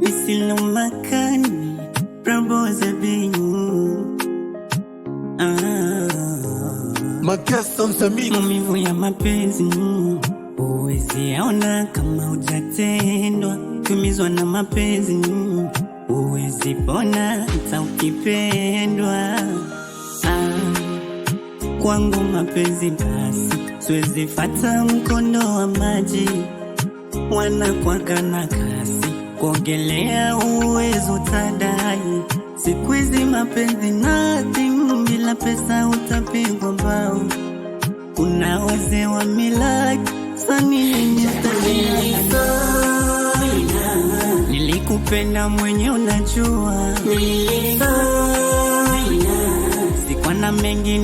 Nisilomakani maumivu ya mapenzi uwezi yaona kama ujatendwa, tumizwa na mapenzi uwezi pona hata ukipendwa. Ah. Kwangu mapenzi basi, siwezi fata mkondo wa maji wanakwaga na kasi kuongelea uwezo tadai Siku hizi mapenzi timu bila pesa utapigwa mbao. Kuna wazee wa milaki nilikupenda mwenye unajua, nilikupenda sikwana mengi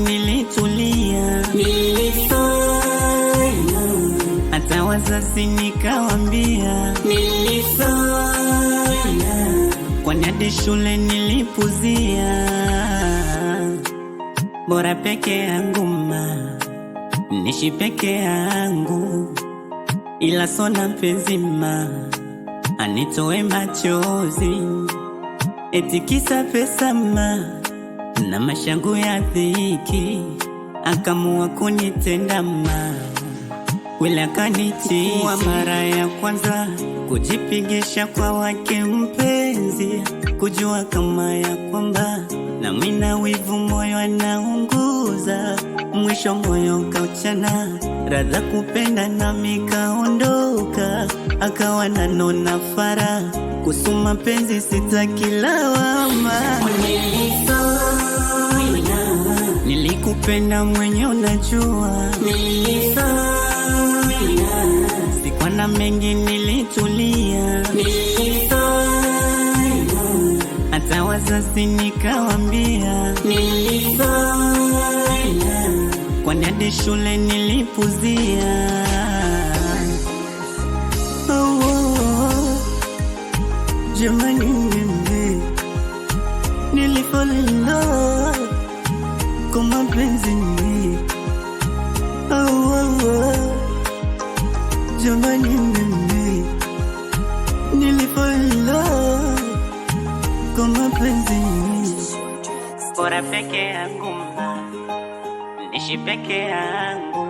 wazazi nikawambia, nilifanya kwani hadi shule nilipuzia, bora peke yangu ma nishi peke yangu, ila sona mpenzi ma anitoe machozi etikisa pesa ma na mashangu ya dhiki, akamua kunitenda ma Wilakanichi wa mara ya kwanza kujipigisha kwa wake mpenzi, kujua kama ya kwamba na mina wivu moyo anaunguza, mwisho moyo kauchana, radha kupenda nami kaondoka, akawa nanona fara kusuma penzi sita nilikupenda mwenye unajua Nilisa na mengi nilitulia, hata wazazi nikawambia, kwani hadi shule nilipuzia. Oh, oh, oh. Jamani mimi nilifalilo kwa mapenzi Jamani mimi nilifalla kwa mapenzi, bora peke yangu, nishi peke yangu,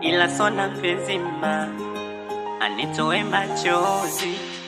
ila sona penzi ma anitoe machozi